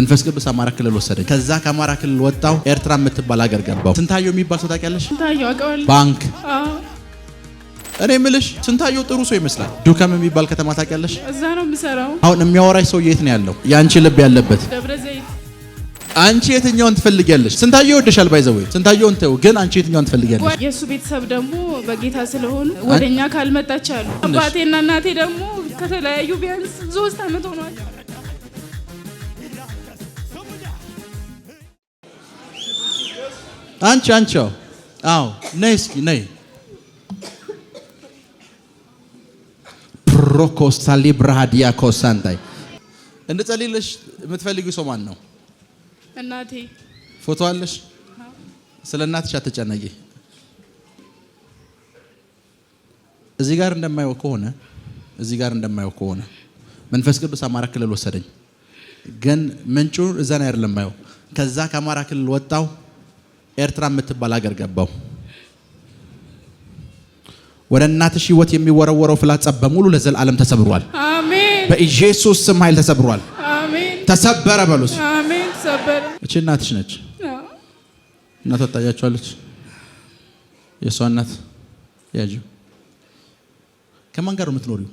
መንፈስ ቅዱስ አማራ ክልል ወሰደኝ። ከዛ ከአማራ ክልል ወጣው ኤርትራ የምትባል ሀገር ገባው። ስንታየው የሚባል ሰው ታውቂያለሽ? ባንክ እኔ ምልሽ ስንታየው ጥሩ ሰው ይመስላል። ዱከም የሚባል ከተማ ታውቂያለሽ? እዛ ነው የምሰራው። አሁን የሚያወራሽ ሰው የት ነው ያለው? የአንቺ ልብ ያለበት አንቺ የትኛውን ትፈልጊያለሽ? ስንታየው ይወድሻል። ባይዘወይ ስንታየውን ተው፣ ግን አንቺ የትኛውን ትፈልጊያለሽ? የእሱ ቤተሰብ ደግሞ በጌታ ስለሆኑ ወደኛ ካልመጣች አሉ። አባቴና እናቴ ደግሞ ከተለያዩ ቢያንስ ሶስት አመት ሆኗል። አንቺ አንቺው አዎ፣ ነይ እስኪ ነይ። ፕሮኮስታሊ ብርሃዲያ ኮሳንታይ እንድጸልይልሽ የምትፈልጊው ሰው ማን ነው? እናቴ። ፎቶ አለሽ? ስለ እናትሽ አትጨነቂ። እዚህ ጋር እንደማየው ከሆነ እዚህ ጋር እንደማየው ከሆነ መንፈስ ቅዱስ አማራ ክልል ወሰደኝ፣ ግን ምንጩ እዛን አይደለም። ማየው ከዛ ከአማራ ክልል ወጣው ኤርትራ የምትባል ሀገር ገባው። ወደ እናትሽ ህይወት የሚወረወረው ፍላጻ በሙሉ ለዘላለም ተሰብሯል። አሜን። በኢየሱስ ስም ኃይል ተሰብሯል። አሜን። ተሰበረ በሉስ። አሜን። ተሰበረ። እቺ እናትሽ ነች። እናት ታያቸዋለች። የእሷ እናት ያጁ ከማን ጋር ነው የምትኖሪው?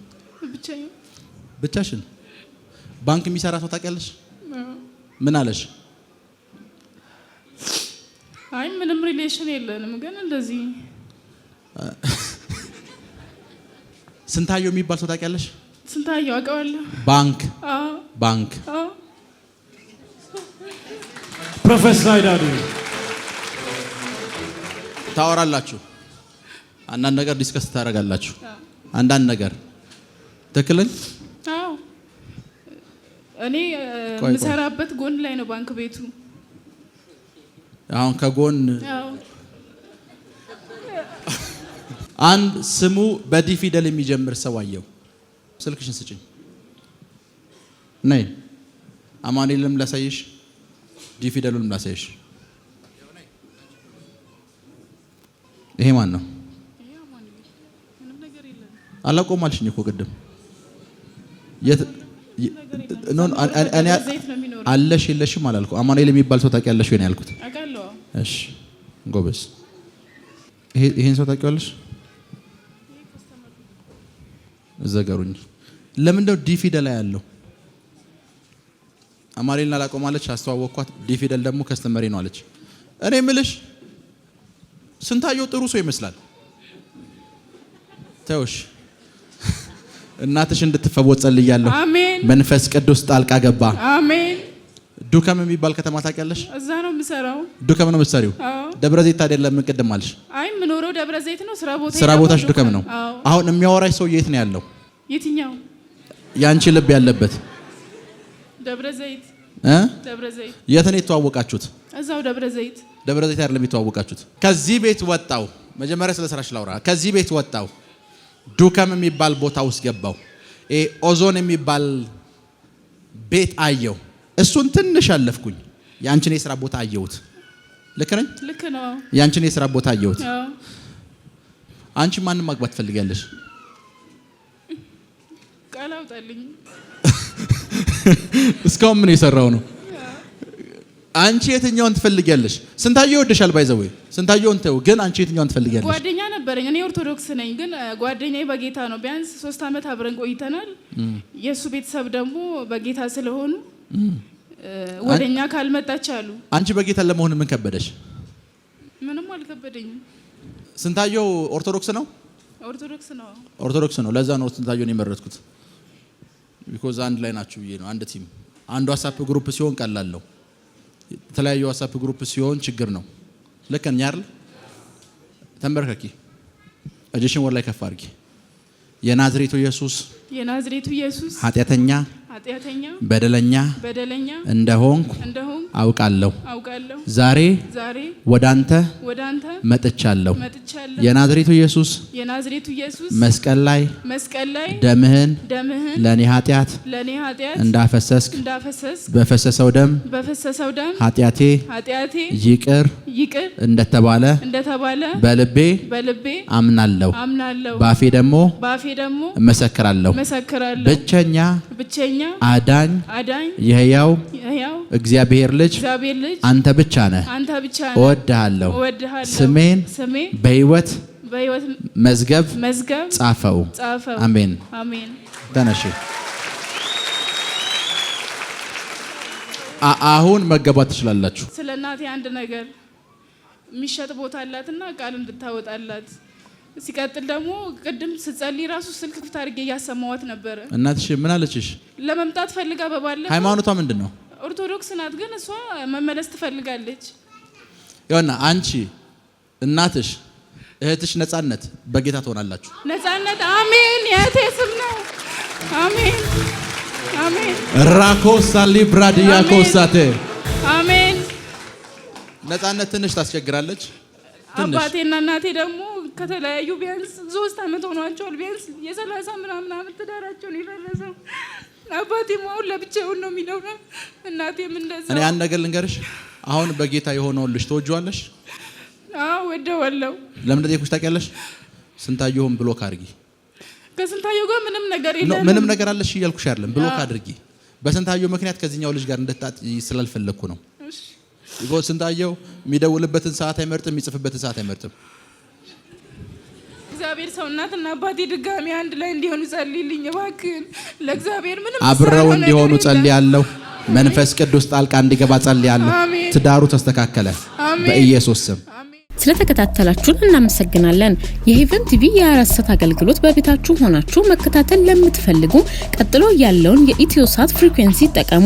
ብቻሽን። ባንክ የሚሰራ ሰው ታውቂያለሽ? ምን አለሽ? አይ ምንም ሪሌሽን የለንም፣ ግን እንደዚህ ስንታየው የሚባል ሰው ታውቂያለሽ? ስንታየው አውቀዋለሁ። ባንክ ባንክ ፕሮፌሰር አይዳዱ ታወራላችሁ፣ አንዳንድ ነገር ዲስከስ ታደርጋላችሁ። አንዳንድ ነገር ትክክለኝ እኔ የምሰራበት ጎን ላይ ነው ባንክ ቤቱ አሁን ከጎን አንድ ስሙ በዲ ፊደል የሚጀምር ሰው አየው። ስልክሽን ስጭኝ። ነይ አማኒልም ላሳይሽ፣ ዲ ፊደሉንም ላሳይሽ። ይሄ ማን ነው? አላቆም አልሽኝ እኮ ቅድም አለሽ የለሽም አላልኩ። አማኑኤል የሚባል ሰው ታውቂያለሽ ወይ ነው ያልኩት። እሺ ጎበዝ። ይሄን ሰው ታውቂዋለሽ? ዘገሩኝ። ለምንድነው ዲ ፊደል ላይ ያለው? አማሪን አላውቀውም አስተዋወቅኳት። ዲ ደግሞ ከስተመሪ ነው አለች። እኔ ምልሽ ስንታየው ጥሩ ሰው ይመስላል። ተውሽ እናትሽ እንድትፈወጥ መንፈስ ቅዱስ ጣልቃ ገባ። አሜን። ዱከም የሚባል ከተማ ታውቂያለሽ? እዛ ነው የምሰራው። ዱከም ነው የምትሰሪው? ደብረ ዘይት አይደለም? ቅድም አልሽ? አይ የምኖረው ደብረ ዘይት ነው፣ ስራ ቦታ ስራ ቦታሽ ዱከም ነው። አሁን የሚያወራሽ ሰው የት ነው ያለው? የትኛው? ያንቺ ልብ ያለበት ደብረ ዘይት እ ደብረ ዘይት የት ነው የተዋወቃችሁት? እዛው ደብረ ዘይት። ደብረ ዘይት አይደለም የተዋወቃችሁት? ከዚህ ቤት ወጣው፣ መጀመሪያ ስለ ስራሽ ላውራ። ከዚህ ቤት ወጣው፣ ዱከም የሚባል ቦታ ውስጥ ገባው፣ ኦዞን የሚባል ቤት አየው እሱን ትንሽ አለፍኩኝ። የአንችን የስራ ቦታ አየሁት። ልክ ነኝ? ልክ ነው። የአንችን የስራ ቦታ አየሁት። አንቺ ማንም ማግባት ትፈልጊያለሽ? እስካሁን ምን የሰራው ነው? አንቺ የትኛውን ትፈልጊያለሽ? ስንታየው ወደሻል ባይዘው ስንታየውን ተው፣ ግን አንቺ የትኛውን ትፈልጊያለሽ? ጓደኛ ነበረኝ። እኔ ኦርቶዶክስ ነኝ፣ ግን ጓደኛዬ በጌታ ነው። ቢያንስ ሶስት አመት አብረን ቆይተናል። የእሱ ቤተሰብ ደግሞ በጌታ ስለሆኑ ወደኛ ካልመጣች አሉ። አንቺ በጌታ ለመሆን ምን ከበደሽ? ምንም አልከበደኝም። ስንታየው ኦርቶዶክስ ነው። ኦርቶዶክስ ነው። ኦርቶዶክስ ነው። ለዛ ነው ስንታየውን የመረጥኩት። ቢኮዝ አንድ ላይ ናችሁ ብዬ ነው። አንድ ቲም፣ አንዱ ዋትስአፕ ግሩፕ ሲሆን ቀላል ነው። የተለያዩ ዋትስአፕ ግሩፕ ሲሆን ችግር ነው። ልክ ነኝ አይደል? ተንበርከኪ፣ እጅሽን ወደ ላይ ከፍ አድርጊ። የናዝሬቱ ኢየሱስ የናዝሬቱ ኢየሱስ ኃጢአተኛ አጥያተኛ በደለኛ በደለኛ እንደሆን አውቃለሁ አውቃለሁ ዛሬ ዛሬ ወዳንተ ወዳንተ መጥቻለሁ መጥቻለሁ የናዝሬቱ ኢየሱስ የናዝሬቱ ኢየሱስ መስቀል ላይ መስቀል ላይ ደምህን ደምህን ለኔ ኃጢአት ለኔ ኃጢአት እንዳፈሰስክ እንዳፈሰስክ በፈሰሰው ደም በፈሰሰው ደም ኃጢአቴ ኃጢአቴ ይቅር ይቅር እንደተባለ እንደተባለ በልቤ በልቤ አምናለሁ አምናለሁ ባፌ ደግሞ ባፌ ደግሞ እመሰክራለሁ ብቸኛ ብቸኛ አዳኝ አዳኝ የህያው እግዚአብሔር ልጅ አንተ ብቻ ነህ። እወድሃለሁ። ስሜን በህይወት መዝገብ ጻፈው። አሜን። ተነሺ። አሁን መገባት ትችላላችሁ። ስለ እናቴ አንድ ነገር የሚሸጥ ቦታ አላትና ቃል እንድታወጣላት ሲቀጥል ደግሞ ቅድም ስጸልይ ራሱ ስልክ ክፍት አድርጌ እያሰማዋት ነበረ። እናትሽ ምን አለችሽ? ለመምጣት ፈልጋ በባለ ሃይማኖቷ ምንድን ነው? ኦርቶዶክስ ናት፣ ግን እሷ መመለስ ትፈልጋለች። ይኸውና አንቺ እናትሽ እህትሽ ነጻነት በጌታ ትሆናላችሁ። ነጻነት አሜን። የእህቴ ስም ነው። አሜን አሜን። ራኮሳ ሊብራድያ ኮሳቴ አሜን። ነጻነት ትንሽ ታስቸግራለች። አባቴና እናቴ ደግሞ ከተለያዩ ቢያንስ ሶስት አመት ሆኗቸዋል። ቢያንስ የሰላሳ ምናምን አመት ትዳራቸውን የፈረሰው አባቴም አሁን ለብቻውን ነው የሚለው ነው። እናቴም እንደዛ። እኔ አንድ ነገር ልንገርሽ፣ አሁን በጌታ የሆነውን የሆነውልሽ ተወጅዋለሽ። ወደዋለው። ለምን ጠየኩሽ ታውቂያለሽ? ስንታየሁም ብሎክ አድርጊ። ከስንታየሁ ጋር ምንም ነገር የለም። ምንም ነገር አለሽ እያልኩሽ አይደለም፣ ብሎክ አድርጊ። በስንታየሁ ምክንያት ከዚህኛው ልጅ ጋር እንደጣጥ ስላልፈለግኩ ነው። ስንታየሁ የሚደውልበትን ሰዓት አይመርጥም፣ የሚጽፍበትን ሰዓት አይመርጥም። የእግዚአብሔር ሰው እናትና አባቴ ድጋሚ አንድ ላይ እንዲሆኑ ጸልይልኝ እባክህን። ለእግዚአብሔር ምንም አብረው እንዲሆኑ ጸልያለሁ። መንፈስ ቅዱስ ጣልቃ እንዲገባ ጸልያለሁ። ትዳሩ ተስተካከለ በኢየሱስ ስም። ስለተከታተላችሁን እናመሰግናለን። የሄቨን ቲቪ የ አገልግሎት በቤታችሁ ሆናችሁ መከታተል ለምትፈልጉ ቀጥሎ ያለውን የኢትዮሳት ፍሪኩዌንሲ ይጠቀሙ።